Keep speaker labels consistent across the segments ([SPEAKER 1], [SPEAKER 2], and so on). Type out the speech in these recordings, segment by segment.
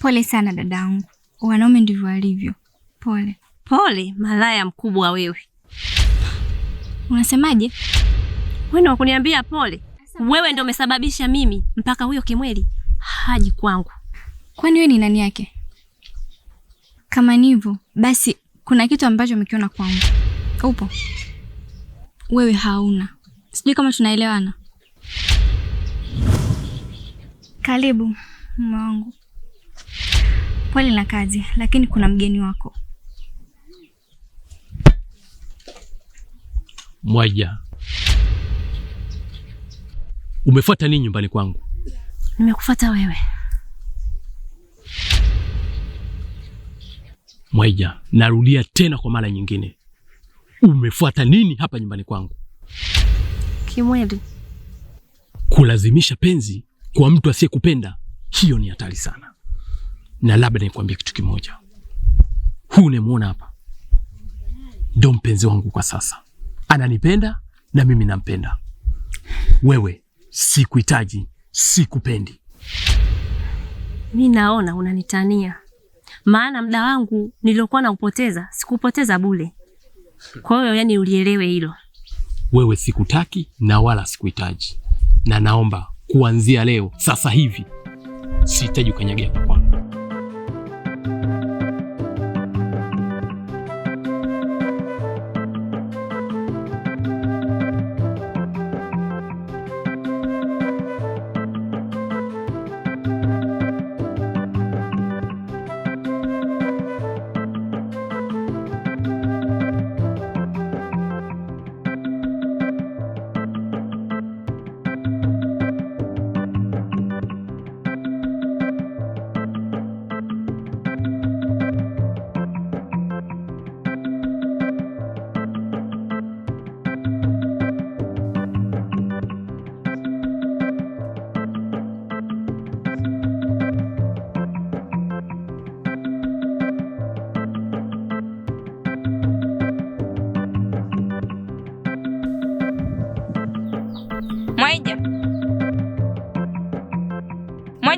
[SPEAKER 1] Pole sana dadangu, wanaume ndivyo walivyo. Pole pole, malaya mkubwa wewe.
[SPEAKER 2] Unasemaje?
[SPEAKER 1] Wewe ndio kuniambia pole? Wewe ndio umesababisha mimi mpaka huyo Kimweli haji kwangu.
[SPEAKER 2] Kwani wewe ni nani yake? Kama nivyo basi, kuna kitu ambacho umekiona kwangu. Upo wewe, hauna. Sijui kama tunaelewana. Karibu mwangu. Pole na kazi, lakini kuna mgeni wako
[SPEAKER 3] Mwaja, Umefuata nini nyumbani kwangu?
[SPEAKER 2] Nimekufuata wewe
[SPEAKER 3] Mwaija, narudia tena kwa mara nyingine, umefuata nini hapa nyumbani kwangu? Kimweli, kulazimisha penzi kwa mtu asiyekupenda, hiyo ni hatari sana na labda nikwambie kitu kimoja, huu unayemuona hapa ndio mpenzi wangu kwa sasa, ananipenda na mimi nampenda. Wewe sikuhitaji, sikupendi.
[SPEAKER 2] Mi naona unanitania, maana muda wangu niliokuwa naupoteza sikupoteza bule. Kwa hiyo yani, ulielewe hilo.
[SPEAKER 3] Wewe sikutaki na wala sikuhitaji, na naomba kuanzia leo sasa hivi sihitaji ukanyagia kwangu.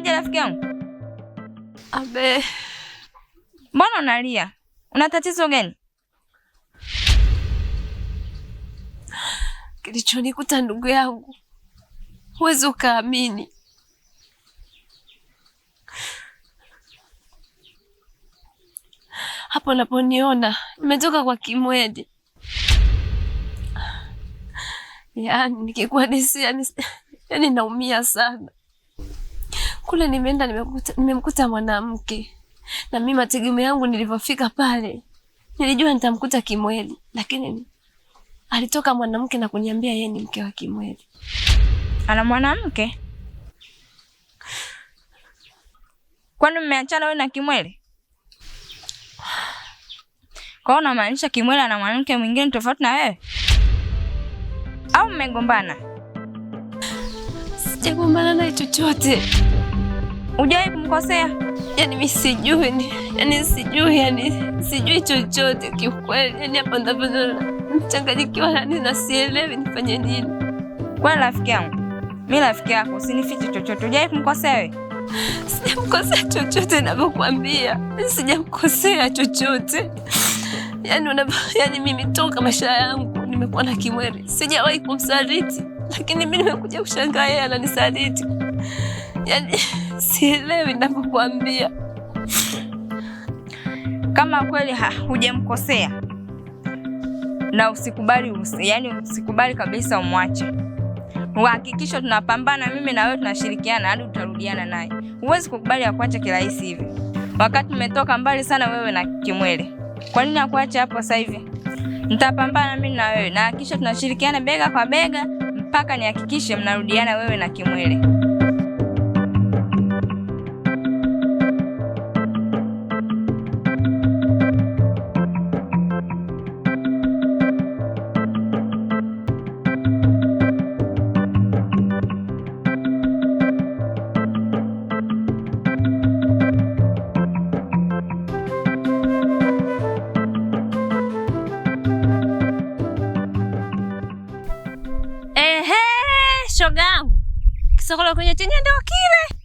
[SPEAKER 1] Unaendeleaje rafiki yangu? Abe, mbona unalia? Una tatizo gani?
[SPEAKER 2] Kilichonikuta ndugu yangu, huwezi ukaamini. Hapo naponiona nimetoka kwa Kimwedi, yaani nikikuadisia, yaani naumia sana. Kule nimeenda nimekuta, nimemkuta mwanamke na mimi mategemeo yangu nilivyofika pale nilijua nitamkuta Kimweli, lakini alitoka mwanamke na kuniambia yeye ni mke wa Kimweli.
[SPEAKER 1] Ana mwanamke? Kwani mmeachana wewe na Kimweli? Kwa unamaanisha Kimweli ana mwanamke mwingine tofauti na wewe, au mmegombana?
[SPEAKER 2] Sijagombana naye chochote.
[SPEAKER 1] Hujawahi kumkosea?
[SPEAKER 2] Yaani mi sijui, yaani sijui, yaani sijui chochote kiukweli. Yaani hapa ndivyo mchanganyikiwa nani na sielewi nifanye nini.
[SPEAKER 1] Kwa rafiki yangu, mimi rafiki yako, usinifiche chochote. Hujawahi kumkosea wewe?
[SPEAKER 2] Sijamkosea chochote ninavyokuambia. Sijamkosea chochote. Yaani una yaani mimi toka maisha yangu nimekuwa na Kimweri. Sijawahi kumsaliti. Lakini mimi nimekuja kushangaa yeye ananisaliti. Yaani Sielewi navyokuambia.
[SPEAKER 1] Kama kweli hujamkosea na usikubali, usi, yani usikubali kabisa umwache. Uhakikisho tunapambana, mimi na wewe tunashirikiana hadi utarudiana naye. Huwezi kukubali akuache kirahisi hivi, wakati umetoka mbali sana wewe na Kimwele. Kwa nini akuache hapo sasa hivi? Nitapambana mimi na wewe na hakikisha tunashirikiana bega kwa bega mpaka nihakikishe mnarudiana wewe na Kimwele. shoga yangu, kisokolo kwenye chenye ndo kile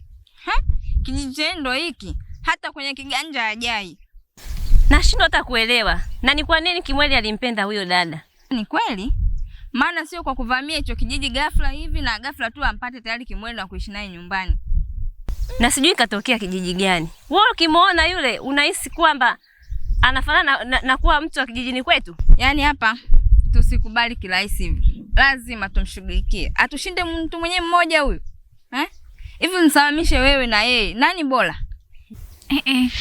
[SPEAKER 1] kijitendo hiki, hata kwenye kiganja ajai.
[SPEAKER 2] Nashindwa hata kuelewa, na ni kwa nini Kimweli alimpenda huyo dada.
[SPEAKER 1] Ni kweli, maana sio kwa kuvamia hicho kijiji ghafla hivi na ghafla tu ampate tayari Kimweli na kuishi naye nyumbani,
[SPEAKER 2] na sijui katokea kijiji gani. Wewe ukimwona yule unahisi kwamba anafanana na, na, na kuwa mtu wa kijijini kwetu,
[SPEAKER 1] yaani hapa tusikubali kirahisi hivi, lazima tumshughulikie, atushinde mtu mwenyewe mmoja huyu eh? hivi eh? wewe na yeye, nani bora
[SPEAKER 2] eh, eh.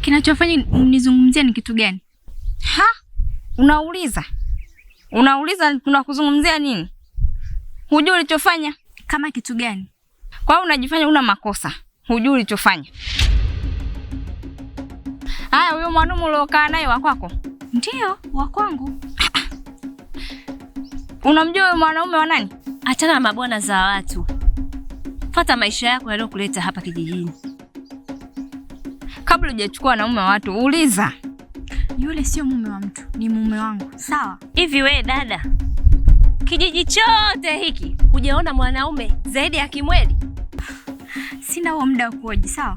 [SPEAKER 2] Kinachofanya nizungumzie ni kitu gani?
[SPEAKER 1] Ha, unauliza unauliza, tunakuzungumzia nini? Hujui ulichofanya
[SPEAKER 2] kama kitu gani?
[SPEAKER 1] Kwa hiyo unajifanya una makosa, hujui ulichofanya. Haya, huyo mwanaume uliokaa naye wa kwako?
[SPEAKER 2] Ndio, wa kwangu.
[SPEAKER 1] Unamjua huyo mwanaume wa nani?
[SPEAKER 2] Achana na mabwana za watu, fata maisha yako yaliyokuleta hapa kijijini.
[SPEAKER 1] Kabla hujachukua wanaume wa watu, uliza.
[SPEAKER 2] Yule sio mume wa mtu, ni mume wangu. Sawa? Hivi we dada, kijiji chote hiki hujaona mwanaume zaidi ya Kimweli? Sina huo muda wa kuoji. Sawa.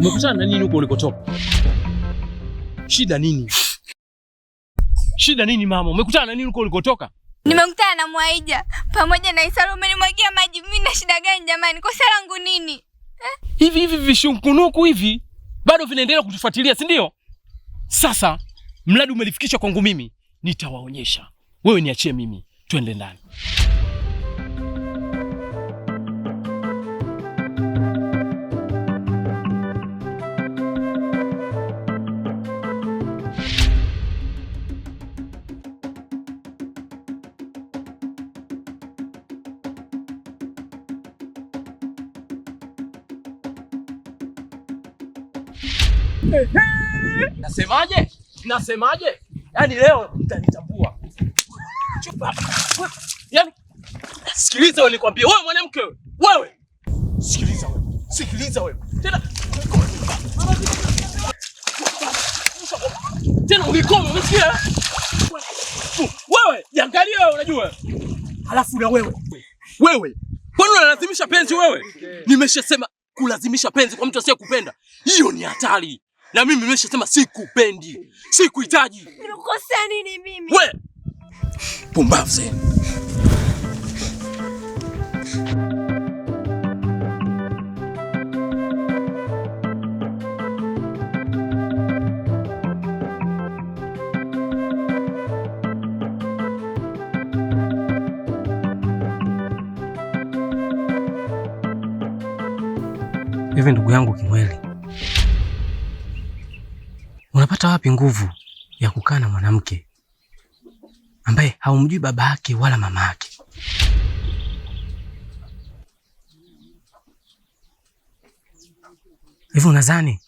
[SPEAKER 3] Umekutana na nini huko ulikotoka? Shida nini? Shida nini mama? Umekutana na nini huko ulikotoka?
[SPEAKER 4] Nimekutana na Mwaija pamoja na Isaro, umenimwagia maji. Mimi na shida gani jamani? Kosa langu nini? Eh?
[SPEAKER 3] Hivi hivi vishunkunuku hivi bado vinaendelea kutufuatilia, si ndio? Sasa mradi umelifikisha kwangu mimi, nitawaonyesha. Wewe niachie mimi, twende ndani.
[SPEAKER 5] Nasemaje? Nasemaje? Yaani leo utanitambua. Chupa. Yaani sikiliza wewe nikwambie, wewe mwanamke wewe. Wewe. Sikiliza wewe. Sikiliza wewe. Tena tena ulikoma, umesikia? Wewe, jiangalie wewe unajua. Halafu na wewe. Wewe. Kwani unalazimisha penzi wewe? Nimeshasema kulazimisha penzi kwa mtu asiyekupenda. Hiyo ni hatari na mimi nimeshasema sikupendi, sikuhitaji.
[SPEAKER 4] Nimekosea nini mimi?
[SPEAKER 5] We pumbavu
[SPEAKER 3] Hivi ndugu yangu atapata wapi nguvu ya kukaa na mwanamke ambaye haumjui baba yake wala mama yake? Hivyo nadhani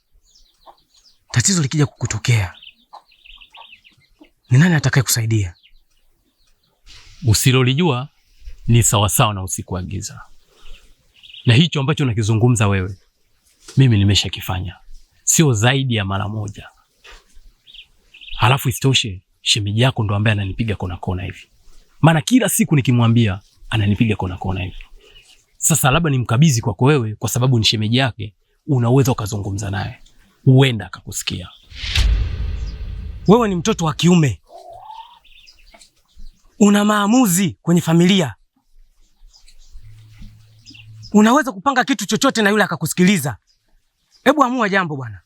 [SPEAKER 3] tatizo likija kukutokea, ni nani atakaye kusaidia? Usilolijua ni sawasawa na usikuagiza, na hicho ambacho nakizungumza wewe, mimi nimeshakifanya sio zaidi ya mara moja. Alafu isitoshe shemeji yako ndo ambaye ananipiga kona kona hivi, maana kila siku nikimwambia ananipiga kona kona hivi. Sasa labda nimkabidhi kwako wewe, kwa sababu ni shemeji yake, unaweza ukazungumza naye, huenda akakusikia. Wewe ni mtoto wa kiume, una maamuzi kwenye familia, unaweza kupanga kitu chochote na yule akakusikiliza. Hebu amua jambo bwana.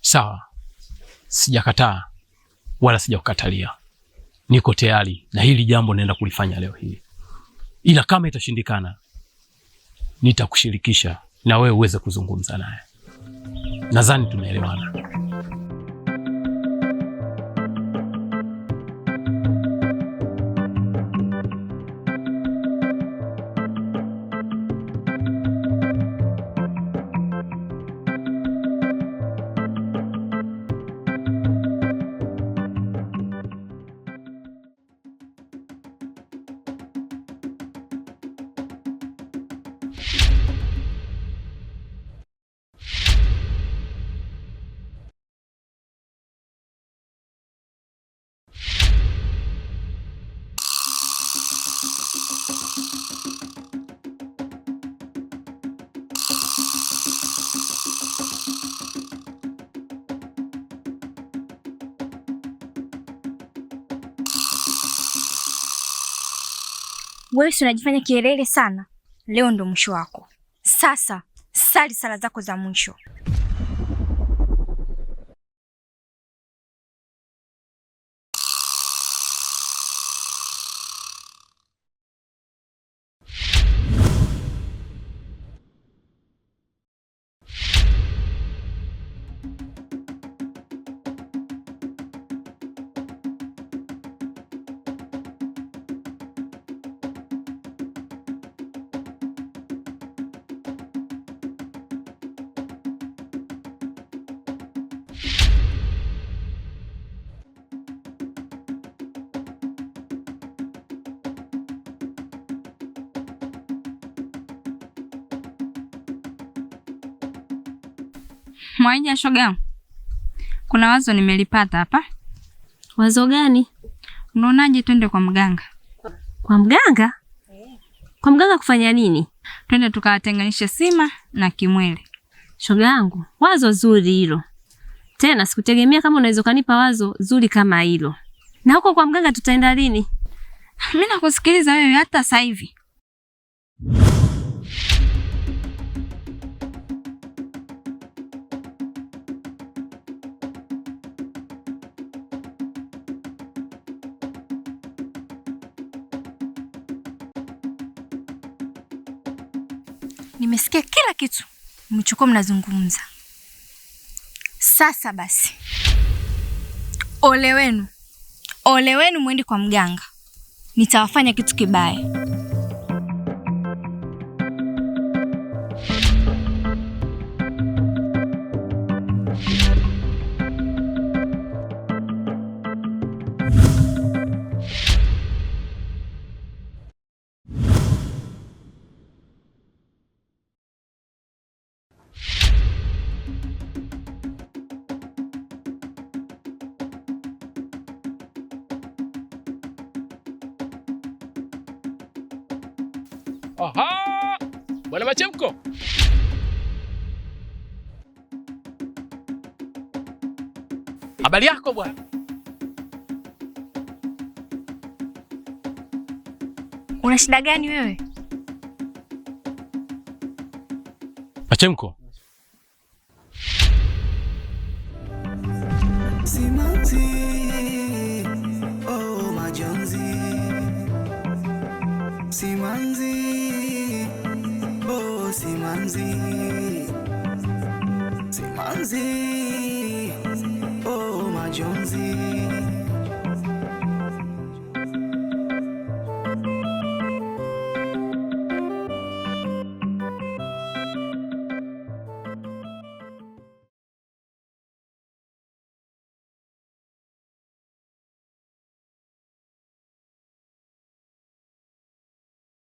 [SPEAKER 3] Sawa, sijakataa wala sijakukatalia, niko tayari na hili jambo naenda kulifanya leo hili, ila kama itashindikana nitakushirikisha na wewe uweze kuzungumza naye. Nadhani tumeelewana
[SPEAKER 2] Wewe si unajifanya kielele sana, leo ndo mwisho wako. Sasa sali sala zako za mwisho.
[SPEAKER 1] Mwaija, shoga yangu, kuna wazo nimelipata hapa.
[SPEAKER 2] Wazo gani?
[SPEAKER 1] Unaonaje twende kwa mganga?
[SPEAKER 2] Kwa mganga? Kwa mganga kufanya nini?
[SPEAKER 1] Twende tukawatenganishe Sima na Kimwele.
[SPEAKER 2] Shoga yangu, wazo zuri hilo. Tena sikutegemea kama unaweza kanipa wazo zuri kama hilo. Na huko kwa mganga tutaenda lini?
[SPEAKER 1] Mimi nakusikiliza wewe hata sasa hivi.
[SPEAKER 2] Nimesikia kila kitu mlichokuwa mnazungumza. Sasa basi, ole wenu, ole wenu, mwendi kwa mganga, nitawafanya kitu kibaya.
[SPEAKER 5] Aha! Bwana Machemko. Habari yako bwana?
[SPEAKER 2] Una shida gani wewe?
[SPEAKER 5] Machemko. Simanzi, oh, majonzi